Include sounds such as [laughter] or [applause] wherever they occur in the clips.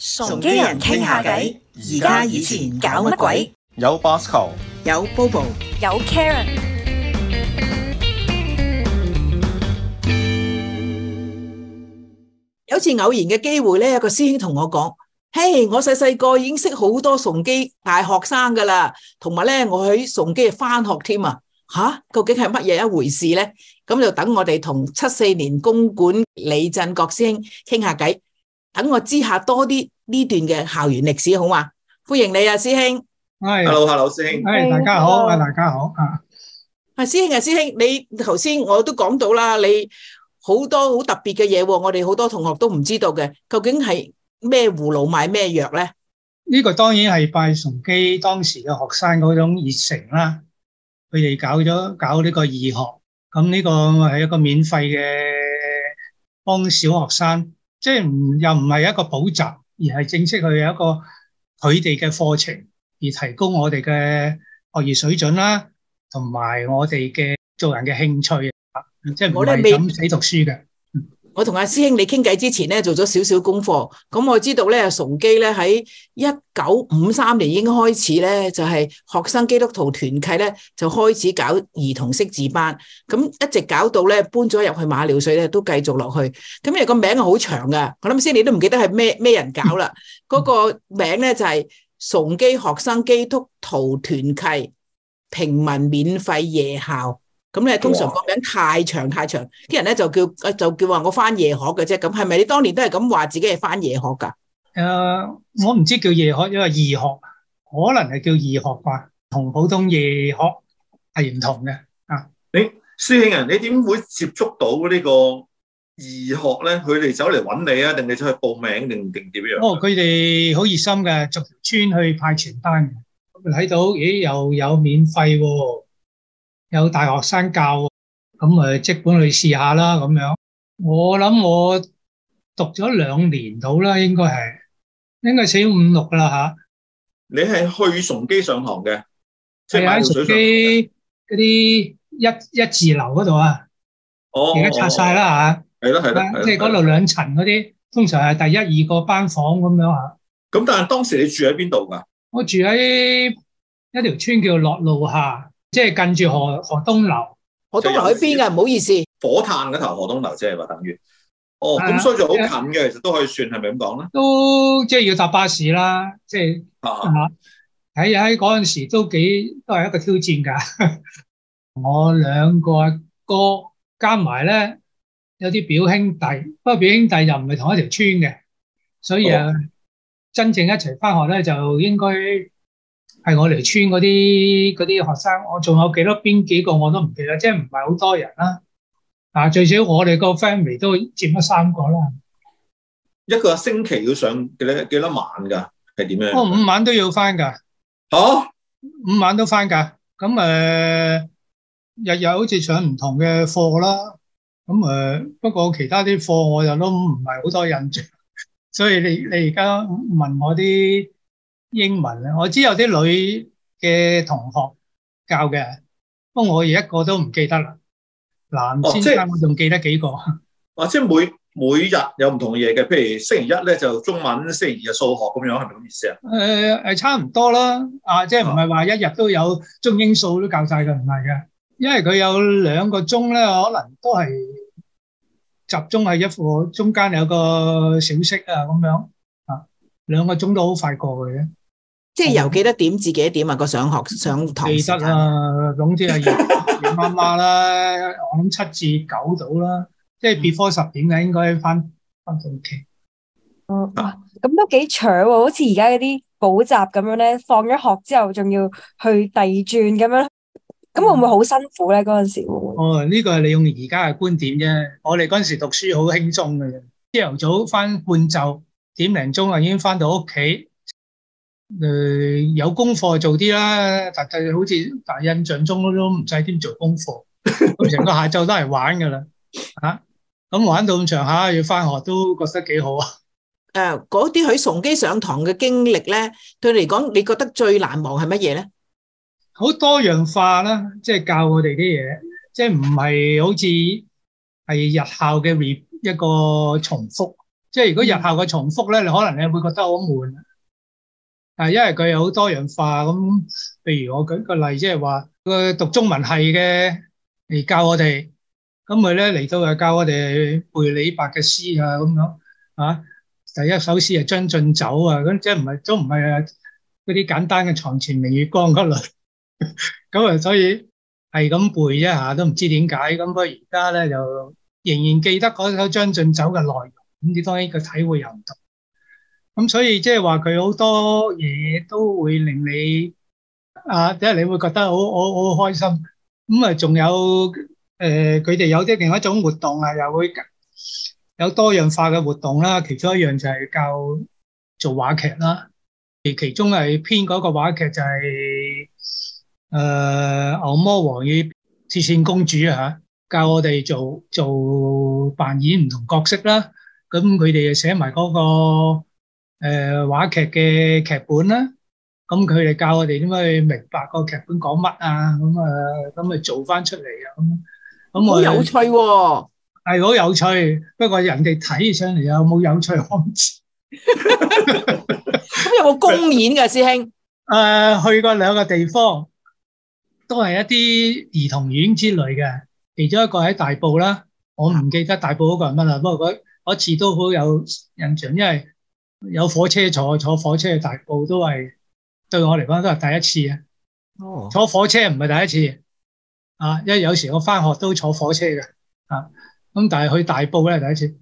崇基人傾下偈，而家以前搞乜鬼？有 Bosco，有 Bobo，有 Karen。有一次偶然嘅機會咧，有個師兄同我講：嘿，我細細個已經識好多崇基大學生噶啦，同埋咧我喺崇基返學添啊！吓，究竟係乜嘢一回事咧？咁就等我哋同七四年工管李鎮國師兄傾下偈。等我知下多啲呢段嘅校園歷史好嗎？歡迎你啊，師兄。係、啊、，hello，hello，師兄。係，大家好，大家好啊。係，師兄啊，師兄，你頭先我都講到啦，你好多好特別嘅嘢，我哋好多同學都唔知道嘅，究竟係咩葫蘆賣咩藥咧？呢、這個當然係拜崇基當時嘅學生嗰種熱誠啦，佢哋搞咗搞呢個義學，咁呢個係一個免費嘅幫小學生。即係唔又唔係一個補習，而係正式去有一個佢哋嘅課程，而提高我哋嘅學業水準啦，同埋我哋嘅做人嘅興趣啊，即係唔係咁使讀書嘅。我同阿師兄你傾偈之前咧，做咗少少功課，咁我知道咧，崇基咧喺一九五三年已經開始咧，就係學生基督徒團契咧，就開始搞兒童識字班，咁一直搞到咧搬咗入去馬料水咧，都繼續落去。咁因為個名係好長㗎，我諗師兄你都唔記得係咩咩人搞啦，嗰個名咧就係崇基學生基督徒團契平民免費夜校。咁你通常個名太長太長，啲人咧就叫誒，就叫話我返夜學嘅啫。咁係咪你當年都係咁話自己係返夜學噶誒、呃，我唔知叫夜學，因為義學可能係叫義學啩，同普通夜學係唔同嘅。啊，你舒慶人，你點會接觸到呢個義學咧？佢哋走嚟揾你啊，定你走去報名，定定點樣？哦，佢哋好熱心嘅，逐村去派傳單，咁睇到咦又有免費喎。有大學生教，咁誒，即本去試下啦咁樣。我諗我讀咗兩年到啦，應該係應該四五六啦吓。你係去崇基上堂嘅？係啊，嗰啲一一字樓嗰度啊，哦，而家拆晒啦吓。係咯係咯即係嗰度兩層嗰啲，通常係第一二個班房咁樣吓。咁但係當時你住喺邊度噶我住喺一條村叫落路下。即、係近住河河東流，河東流喺邊啊？唔好意思。火炭嗰頭河東流，即係話等於。哦，咁所以就好近嘅、啊，其實都可以算係咪咁講咧？都即係、要搭巴士啦，即係睇喺喺嗰陣時都幾都係一個挑戰噶。 [laughs] 我兩個哥哥加埋咧，有啲表兄弟，不過表兄弟又唔係同一條村嘅，所以啊，真正一齊翻學咧就應該係我嚟村嗰啲嗰啲學生，我仲有幾多邊幾個我都唔記得，即係唔係好多人啦。啊，最少我哋個 family 都佔咗三個啦。一個星期要上幾多幾多晚噶？係點樣？我五晚都要翻噶。哦，五晚都翻噶。咁、哦、誒、嗯，日日好似上唔同嘅課啦。咁、嗯、誒，不過其他啲課我又都唔係好多印象。所以你你而家問我啲？英文我知有啲女嘅同學教嘅，不過我而家一個都唔記得啦。男先生我、哦、仲記得幾個。啊、哦，即每每日有唔同嘅嘢嘅，譬如星期一咧就中文，星期二就數學咁樣，係咪咁意思啊？誒、呃，差唔多啦。啊，即係唔係話一日都有中英數都教晒佢？唔係嘅，因為佢有兩個鐘咧，可能都係集中係一課，中間有個小息啊咁樣啊，兩個鐘都好快過嘅啫。即係由幾多點至幾多點啊？個上學上堂時間啊，總之係夜麻麻啦，我諗 [laughs] 七至九度啦。即係 before 十點嘅應該翻翻到屋企。咁都幾長喎，好似而家嗰啲補習咁樣咧，放咗學之後仲要去第二轉咁樣，咁會唔會好辛苦咧？嗰陣時哦，呢、這個係利用而家嘅觀點啫。我哋嗰陣時讀書好輕鬆嘅啫，朝頭早翻半晝點零鐘啊，已經翻到屋企。誒，有功課做啲啦，但係好似但印象中都唔使點做功課，成 [laughs] 個下晝都係玩噶啦吓。咁、啊、玩到咁長下要翻學都覺得幾好啊。誒、呃，嗰啲喺崇基上堂嘅經歷咧，對你嚟講，你覺得最難忘係乜嘢咧？好多樣化啦，即、就、係、是、教我哋啲嘢，即係唔係好似係日校嘅一一個重複。即、就、係、是、如果日校嘅重複咧，你可能你會覺得好悶。啊，因為佢有好多樣化咁，譬如我舉個例子就是，即係話個讀中文系嘅嚟教我哋，咁佢咧嚟到就教我哋背李白嘅詩啊，咁樣啊，第一首詩係《將進酒》啊，咁即係唔係都唔係啊嗰啲簡單嘅床前明月光嗰類，咁啊，所以係咁背一下都唔知點解，咁佢而家咧就仍然記得嗰首《將進酒》嘅內容，咁你當然個體會又唔同。咁所以即係話佢好多嘢都會令你啊，即係你會覺得好好好開心。咁啊，仲、呃、有誒，佢哋有啲另一種活動啊，又會有多樣化嘅活動啦。其中一樣就係教做話劇啦，而其中係編嗰個話劇就係、是、誒、呃、牛魔王與鐵線公主嚇，教我哋做做扮演唔同角色啦。咁佢哋又寫埋嗰、那個。誒、呃，話劇嘅劇本啦，咁佢哋教我哋點去明白個劇本講乜啊，咁啊，咁、呃、咪做翻出嚟啊。咁咁好有趣，哦，係好有趣，不過人哋睇起上嚟有冇有，有趣？我唔知，咁 [laughs] [laughs] 有冇公演嘅師兄？誒、呃，去過兩個地方，都係一啲兒童院之類嘅，其中一個喺大埔啦，我唔記得大埔嗰個係乜啦，不過嗰次都好有印象，因為。有火車坐，坐火車去大埔都係對我嚟講都係第一次啊。坐火車唔係第一次啊，因為有時我翻學都坐火車嘅啊。咁但係去大埔咧，第一次。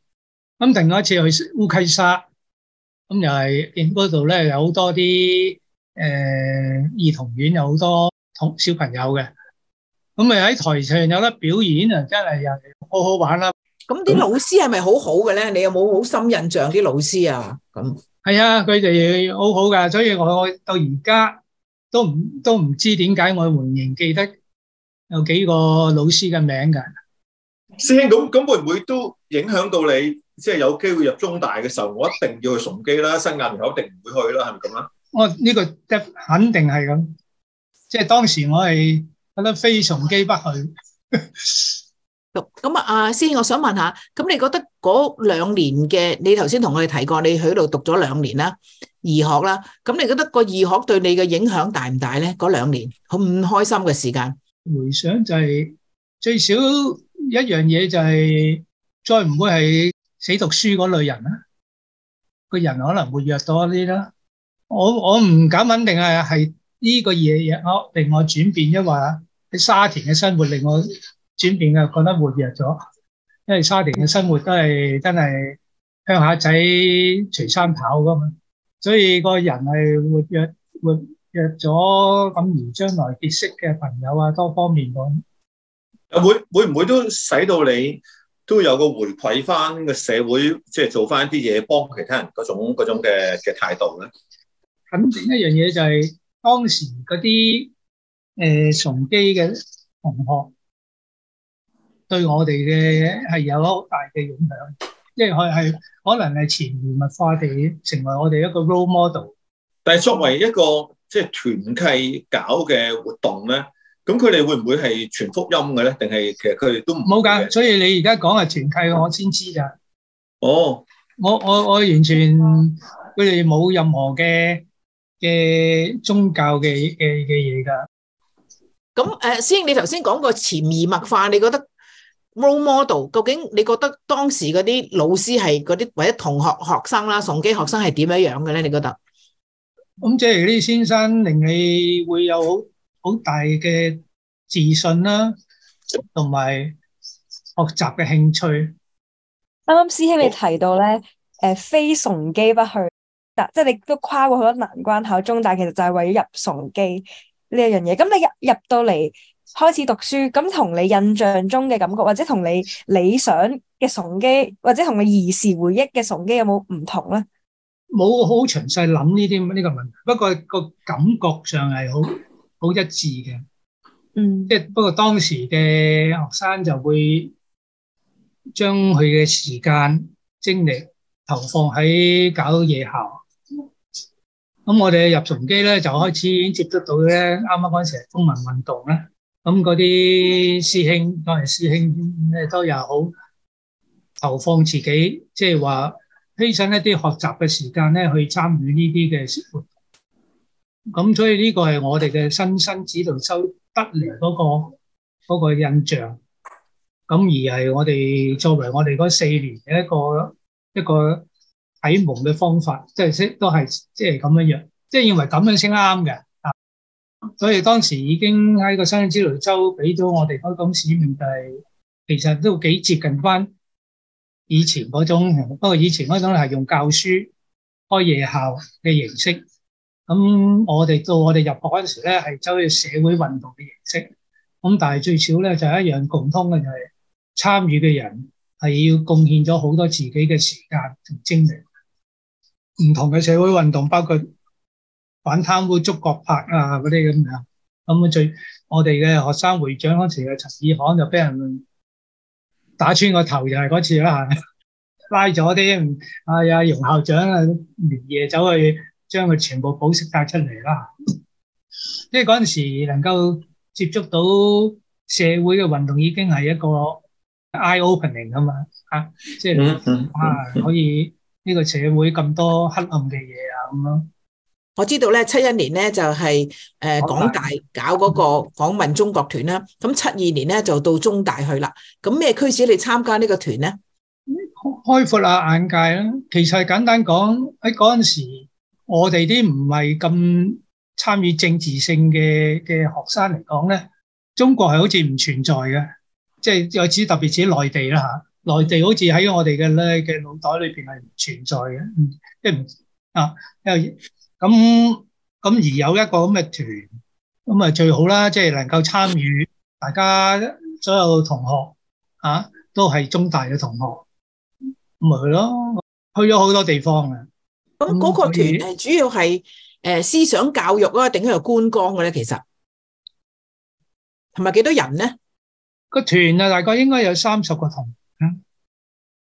咁另外一次去烏溪沙，咁又係見嗰度咧有好多啲誒、呃、兒童院，有好多小朋友嘅。咁咪喺台上有得表演啊，真係又好好玩啦～咁啲老師係咪好好嘅咧？你有冇好深印象啲老師啊？咁係啊，佢哋好好噶，所以我到而家都唔都唔知點解我仍然記得有幾個老師嘅名噶。師兄，咁咁會唔會都影響到你？即係有機會入中大嘅時候，我一定要去崇基啦，新亞唔好一定唔會去啦，係咪咁啊？哦，呢個即肯定係咁。即係當時我係覺得非崇基不去。咁啊，阿師兄，我想問下，咁你覺得嗰兩年嘅，你頭先同我哋提過，你喺度讀咗兩年啦，義學啦，咁你覺得個義學對你嘅影響大唔大咧？嗰兩年好唔開心嘅時間，回想就係最少一樣嘢就係再唔會係死讀書嗰類人啦，個人可能會活躍多啲啦。我我唔敢肯定係係呢個嘢嘢令我轉變，因為喺沙田嘅生活令我。轉變啊，覺得活躍咗，因為沙田嘅生活都係真係鄉下仔隨山跑噶嘛，所以個人係活躍活躍咗，咁而將來結識嘅朋友啊，多方面咁，會會唔會都使到你都有個回饋翻個社會，即係做翻啲嘢幫其他人嗰種嗰種嘅嘅態度咧？肯定一樣嘢就係當時嗰啲誒崇基嘅同學。對我哋嘅係有一好大嘅影響，即係佢係可能係潛移默化地成為我哋一個 role model。但係作為一個即係團契搞嘅活動咧，咁佢哋會唔會係傳福音嘅咧？定係其實佢哋都冇噶？所以你而家講係團契，我先知噶。哦，我我我完全佢哋冇任何嘅嘅宗教嘅嘅嘅嘢噶。咁誒，師兄，你頭先講個潛移默化，你覺得？Role model，究竟你覺得當時嗰啲老師係嗰啲或者同學學生啦，崇基學生係點樣樣嘅咧？你覺得咁即係呢啲先生令你會有好好大嘅自信啦，同埋學習嘅興趣。啱啱師兄你提到咧，誒非崇基不去，但即係你都跨過好多難關考中大，其實就係為咗入崇基呢一樣嘢。咁你入入到嚟。開始讀書咁，同你印象中嘅感覺，或者同你理想嘅崇基，或者同你兒時回憶嘅崇基有冇唔同咧？冇好詳細諗呢啲呢個問題，不過個感覺上係好好一致嘅。嗯，即係不過當時嘅學生就會將佢嘅時間精力投放喺搞到夜校。咁我哋入崇基咧就開始已經接觸到咧，啱啱嗰陣時中文運動咧。咁嗰啲師兄，當然師兄咧都又好投放自己，即係話犧牲一啲學習嘅時間咧，去參與呢啲嘅活動。咁所以呢個係我哋嘅新生指導周得嚟嗰個嗰個印象。咁而係我哋作為我哋嗰四年嘅一個一個啟蒙嘅方法，即係都係即係咁樣樣，即係認為咁樣先啱嘅。所以當時已經喺個生興之路州俾咗我哋香港使命，就係其實都幾接近翻以前嗰種。不過以前嗰種係用教書、開夜校嘅形式。咁我哋到我哋入學嗰陣時咧，係走去社會運動嘅形式。咁但係最少咧就係、是、一樣共通嘅就係參與嘅人係要貢獻咗好多自己嘅時間同精力。唔同嘅社會運動包括，反貪污捉葛柏啊！嗰啲咁啊，咁啊最我哋嘅學生會長嗰時嘅陳爾行就俾人打穿個頭，就係、是、嗰次啦，拉咗啲阿阿容校長啊，連夜走去將佢全部保釋晒出嚟啦。即係嗰陣時能夠接觸到社會嘅運動，已經係一個 eye opening 咁嘛，即係、就是、 [laughs] 啊可以呢個社會咁多黑暗嘅嘢啊咁樣。我知道咧，七一年咧就係誒港大搞嗰個訪問中國團啦。咁七二年咧就到中大去啦。咁咩驅使你參加呢個團咧？開闊下眼界啦。其實簡單講，喺嗰陣時，我哋啲唔係咁參與政治性嘅嘅學生嚟講咧，中國係好似唔存在嘅。即係有啲特別似內地啦嚇，內地好似喺我哋嘅咧嘅腦袋裏面係唔存在嘅。嗯，即係唔啊，因為咁咁而有一個咁嘅團咁啊最好啦，即係能夠參與，大家所有同學啊，都係中大嘅同學，咪去咯，去咗好多地方。咁嗰個團呢，主要係誒思想教育啊，定係觀光嘅咧？其實同埋幾多人咧？個團啊，大概應該有三十個同，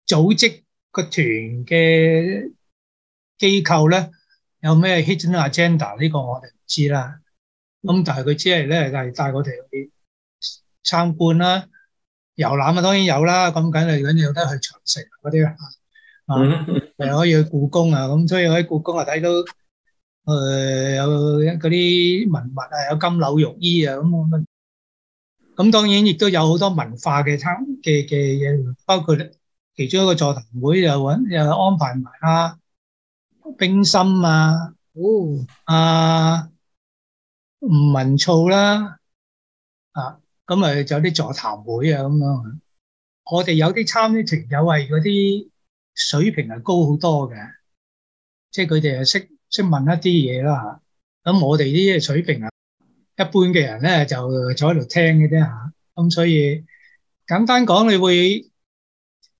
組織個團嘅機構咧。有咩 hidden agenda 呢個我哋唔知啦，咁但係佢只係咧係帶我哋去參觀啦、遊覽啊，當然有啦，咁梗係梗有得去長城嗰啲 [laughs] 啊，啊，又可以去故宮啊，咁所以喺故宮啊睇到誒、呃、有嗰啲文物啊，有金縷玉衣啊，咁咁樣，當然亦都有好多文化嘅參嘅嘅嘢，包括其中一個座談會又揾又安排埋啦。冰心啊，哦，吳文藻啦，啊，咁咪就有啲座談會啊咁樣。我哋有啲參與者係嗰啲水平係高好多嘅，即係佢哋又識識問一啲嘢啦。咁我哋啲水平啊，一般嘅人咧就坐喺度聽嘅啫，啊。吓，咁所以簡單講，你會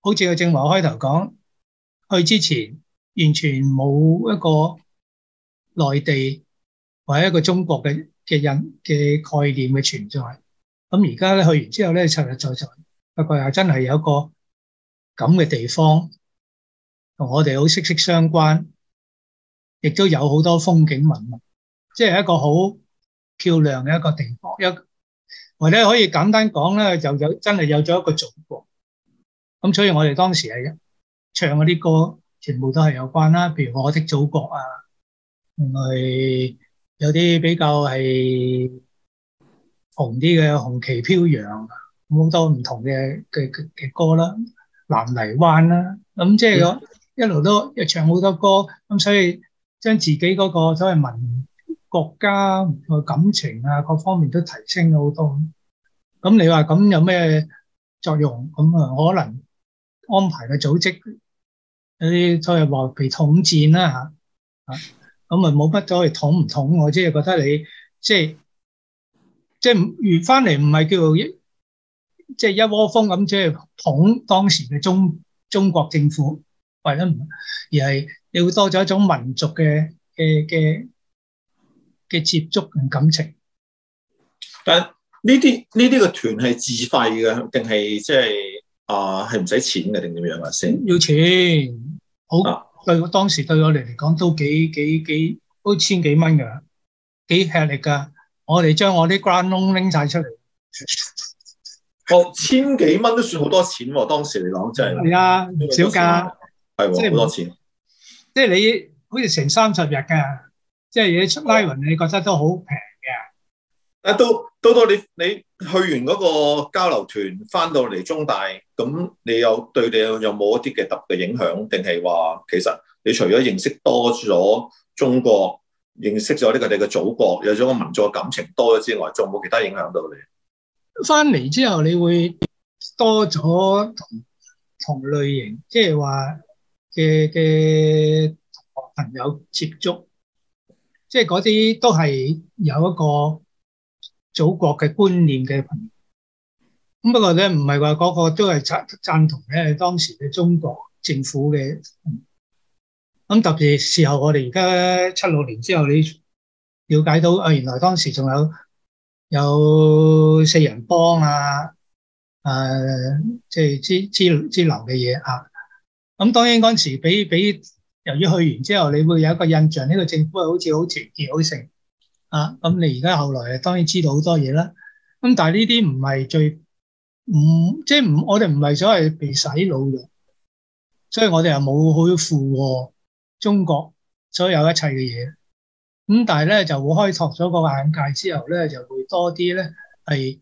好似阿正話開頭講，去之前。完全冇一個內地或者一個中國嘅嘅人嘅概念嘅存在。咁而家咧去完之後咧，實實在在不過又真係有一個咁嘅地方，同我哋好息息相關，亦都有好多風景文物，即係一個好漂亮嘅一個地方。一或者可以簡單講咧，就有真係有咗一個祖國。咁所以我哋當時係唱嗰啲歌。全部都係有關啦，譬如我的祖國啊，另外有啲比較係紅啲嘅《紅旗飄揚》，好多唔同嘅嘅嘅歌啦，《南泥灣》啦，咁即係一路都唱好多歌，咁所以將自己嗰個所謂民國家嘅感情啊，各方面都提升咗好多。咁你話咁有咩作用？咁啊，可能安排嘅組織。有啲都係話被統戰啦嚇嚇，咁啊冇乜所謂統唔統我，即係覺得你即係即係翻嚟唔係叫即係一窩蜂咁，即係捅當時嘅中中國政府，或者而係你會多咗一種民族嘅嘅嘅嘅接觸同感情。但呢啲呢啲個團係自費嘅定係即係？啊，係唔使錢嘅定點樣啊？先要錢，好，啊、對我當時對我哋嚟講都幾幾幾都千幾蚊噶，幾吃力噶。我哋將我啲 grant loan 拎晒出嚟，我、哦、千幾蚊都算好多錢、啊。當時嚟講真係係啊，唔少噶，係即係好多錢。即係你好似成三十日噶，即係你出拉匀，你覺得都好平。啊！到到到，你你去完嗰個交流團翻到嚟中大，咁你有對你有冇一啲嘅特別影響？定係話其實你除咗認識多咗中國，認識咗呢個你嘅祖國，有咗個民族嘅感情多咗之外，仲冇其他影響到你？翻嚟之後，你會多咗同同類型，即係話嘅嘅朋友接觸，即係嗰啲都係有一個。祖國嘅觀念嘅朋友，咁不過咧，唔係話個都係贊贊同咧當時嘅中國政府嘅。咁特別事後，我哋而家七六年之後，你了解到啊，原來當時仲有有四人幫啊，誒，即係之之之流嘅嘢啊，咁、就是啊、當然嗰陣時俾俾由於去完之後，你會有一個印象呢、這個政府係好似好團結好成。啊！咁你而家後來當然知道好多嘢啦。咁但係呢啲唔係最唔即係唔，我哋唔係所謂被洗腦嘅，所以我哋又冇去附和中國所有一切嘅嘢。咁但係咧就會開拓咗個眼界之後咧，就會多啲咧係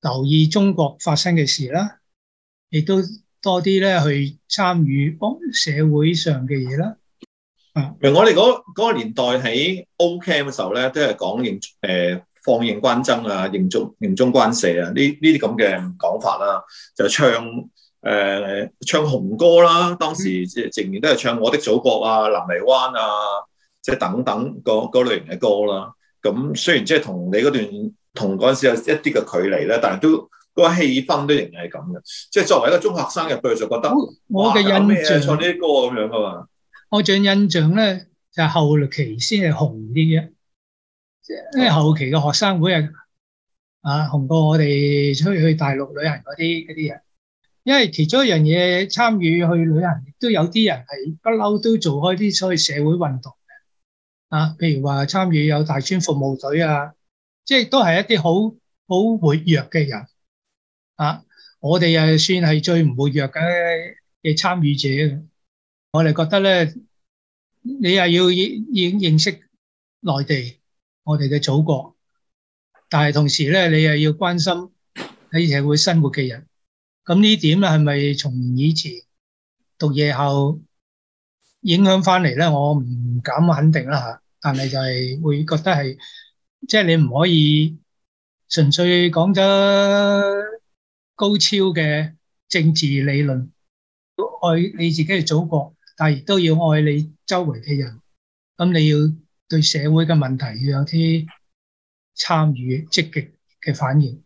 留意中國發生嘅事啦，亦都多啲咧去參與幫社會上嘅嘢啦。我哋嗰嗰個年代喺 O.K. 嘅時候咧，都係講認誒、呃，放認關爭啊，認中認中關社啊，呢呢啲咁嘅講法啦、啊，就唱誒、呃、唱紅歌啦、啊。當時即仍然都係唱我的祖國啊，南泥灣啊，即等等嗰嗰類型嘅歌啦、啊。咁雖然即係同你嗰段同嗰陣時有一啲嘅距離咧，但係都、個氣氛都仍然係咁嘅。即係作為一個中學生入去就覺得，我嘅印象唱呢啲歌咁樣噶、啊、嘛。我最印象咧就係、是、後期先係紅啲嘅，即係因為後期嘅學生會啊，啊紅過我哋出去去大陸旅行嗰啲嗰啲人。因為其中一樣嘢，參與去旅行，都有啲人係不嬲都做開啲所謂社會運動嘅。啊，譬如話參與有大專服務隊啊，即係都係一啲好好活躍嘅人。啊，我哋就算係最唔活躍嘅參與者。我哋覺得咧，你又要認認識內地，我哋嘅祖國，但係同時咧，你又要關心喺社會生活嘅人，咁呢點咧係咪從以前讀夜校影響翻嚟咧？我唔敢肯定啦吓，但係就係會覺得係，即係你唔可以純粹講咗高超嘅政治理論，愛你自己嘅祖國。但亦都要愛你周圍嘅人，咁你要對社會嘅問題要有啲參與，積極嘅反應。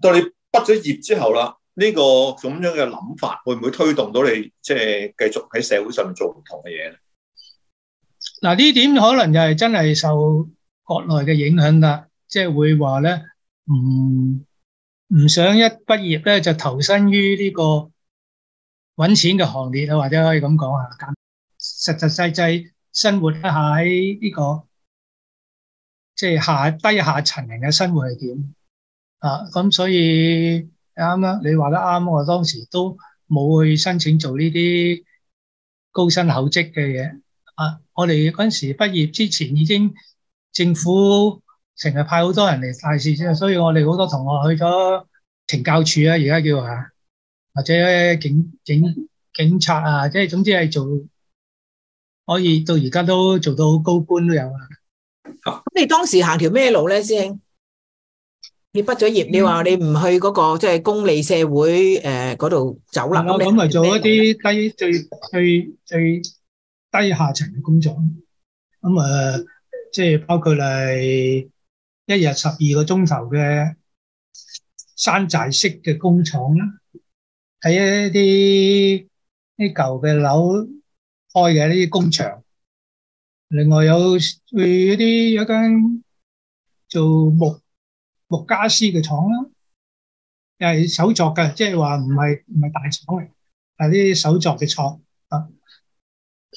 到你畢咗業之後啦，呢個咁樣嘅諗法會唔會推動到你即係繼續喺社會上面做唔同嘅嘢咧？嗱，呢點可能又係真係受國內嘅影響啦，即係會話咧，唔唔想一畢業咧就投身於呢個揾錢嘅行列啊，或者可以咁講啊，簡實實際際生活一、這個就是、下呢個即係下低下層人嘅生活係點啊？咁所以啱啦，你話得啱，我當時都冇去申請做呢啲高薪厚職嘅嘢啊！我哋嗰陣時畢業之前已經政府成日派好多人嚟大市先，所以我哋好多同學去咗懲教處啊，而家叫啊。或者警警警察啊，即係總之係做，可以到而家都做到好高官都有啊。咁你當時行條咩路咧，師兄？你畢咗業，你話你唔去嗰、那個即係、就是、公理社會誒嗰度走啦？咁咁咪做一啲低最最最低下層嘅工作。咁啊，即、呃、係、就是、包括嚟一日十二個鐘頭嘅山寨式嘅工廠啦。喺一啲啲舊嘅樓開嘅啲工場，另外有去一啲有間做木木家私嘅廠啦，又係手作嘅，即係話唔係唔係大廠嚟，係啲手作嘅廠。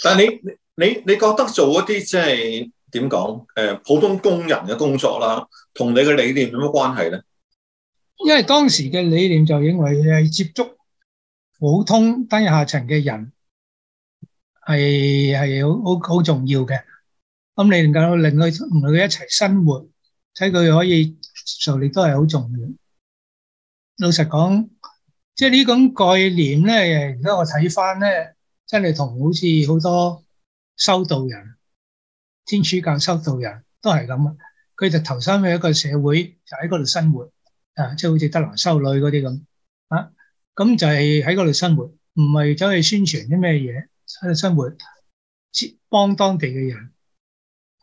但係你你你覺得做一啲即係點講？誒，普通工人嘅工作啦，同你嘅理念有乜關係咧？因為當時嘅理念就認為係接觸。普通低下層嘅人係係好好好重要嘅，咁你能夠令佢同佢一齊生活，睇佢可以受力都係好重要。老實講，即係呢種概念咧，而家我睇翻咧，真係同好似好多修道人、天主教修道人都係咁，佢就投身去一個社會，就喺嗰度生活啊，即係好似德蘭修女嗰啲咁咁就係喺嗰度生活，唔係走去宣傳啲咩嘢，喺度生活，幫當地嘅人。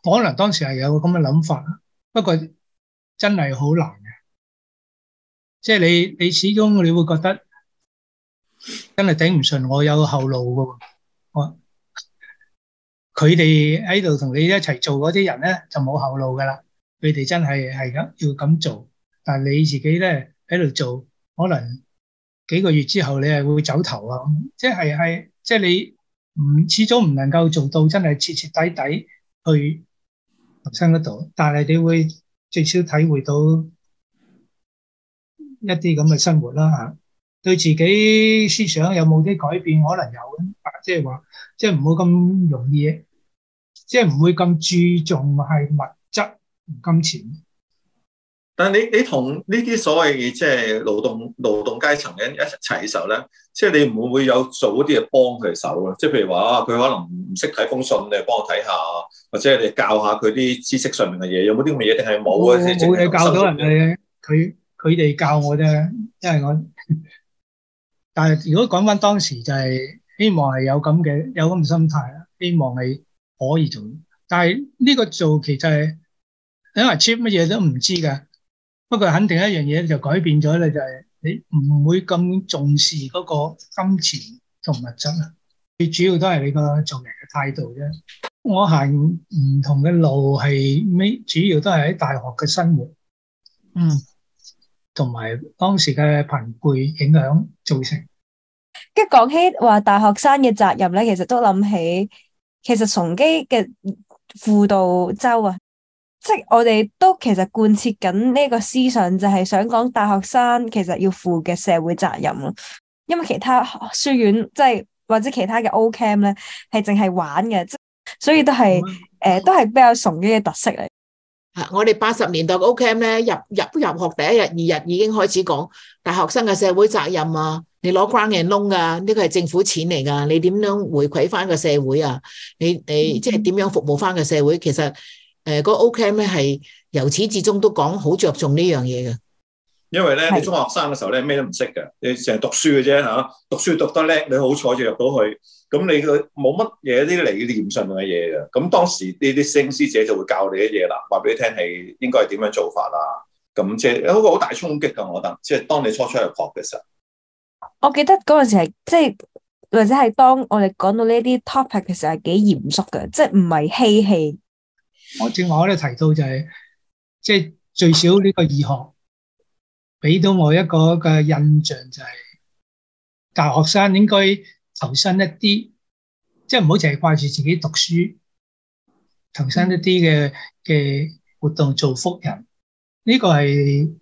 可能當時係有個咁嘅諗法，不過真係好難嘅。即係你，你始終你會覺得真係頂唔順，我有後路噶。我佢哋喺度同你一齊做嗰啲人咧，就冇後路噶啦。佢哋真係係咁要咁做，但係你自己咧喺度做，可能。幾個月之後你係會走頭啊！即係係即係你唔始終唔能夠做到真係徹徹底底去學生嗰度，但係你會最少體會到一啲咁嘅生活啦嚇。對自己思想有冇啲改變？可能有啊，即係話即係唔會咁容易，即係唔會咁注重係物質同金錢。但你你同呢啲所謂嘅即係勞動勞動階層嘅人一齊嘅時候咧，即係你會唔會有做嗰啲嘢幫佢手，即係譬如話佢可能唔識睇封信，你幫我睇下，或者你教下佢啲知識上面嘅嘢，有冇啲咁嘅嘢？定係冇啊？冇嘢教到人嘅，佢佢哋教我啫，因為我。但係如果講翻當時，就係希望係有咁嘅有咁心態希望係可以做。但係呢個做其實係因為 cheap 乜嘢都唔知㗎。不過肯定一樣嘢，就改變咗咧，就係你唔會咁重視嗰個金錢同物質啦。最主要都係你個做人嘅態度啫。我行唔同嘅路係，尾主要都係喺大學嘅生活，嗯，同埋當時嘅朋輩影響造成。跟住講起話大學生嘅責任咧，其實都諗起，其實崇基嘅輔導周啊。即係我哋都其實貫徹緊呢個思想，就係、是、想講大學生其實要負嘅社會責任咯。因為其他書院即係或者其他嘅 O Cam 咧，係淨係玩嘅，所以都係誒都係比較崇啲嘅特色嚟。我哋八十年代嘅 O Cam 咧，入入入學第一日、二日已經開始講大學生嘅社會責任啊！你攞 g r 窿啊，呢個係政府錢嚟噶，你點樣回饋翻個社會啊？你你即係點樣服務翻個社會，啊嗯？其實。誒、嗰個 O Camp 咧係由始至終都講好着重呢樣嘢嘅，因為咧你中學生嘅時候咧咩都唔識嘅，你成日讀書嘅啫嚇，讀書讀得叻，你好彩就入到去，咁你冇乜嘢啲理念上嘅嘢嘅，咁當時呢啲師兄師姐就會教你啲嘢啦，話俾你聽係應該係點樣做法啦，咁即係嗰個好大衝擊嘅，我覺得，即係當你初初入學嘅時候，我記得嗰陣時係即係或者係當我哋講到呢啲 topic 嘅時候係幾嚴肅嘅，即係唔係嬉戲。我正話我哋提到就係，即係最少呢個義學俾到我一個嘅印象就係，大學生應該投身一啲，即係唔好淨係掛住自己讀書，投身一啲嘅嘅活動做福人，呢個係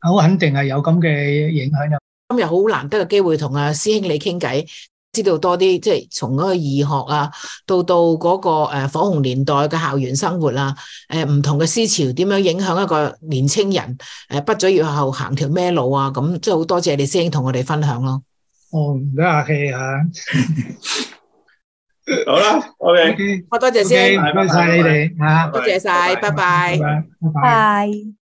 好肯定係有咁嘅影響嘅。今日好難得嘅機會同阿師兄你傾偈。知道多啲，即係從嗰個義學啊，到到嗰個誒火紅年代嘅校園生活啊，誒唔同嘅思潮點樣影響一個年青人？誒，畢咗業後行條咩路啊？咁即係好多謝你師兄同我哋分享咯。哦，唔該客氣啊。好啦，OK，好多謝師兄，多謝你哋啊，多謝晒，拜拜，拜拜。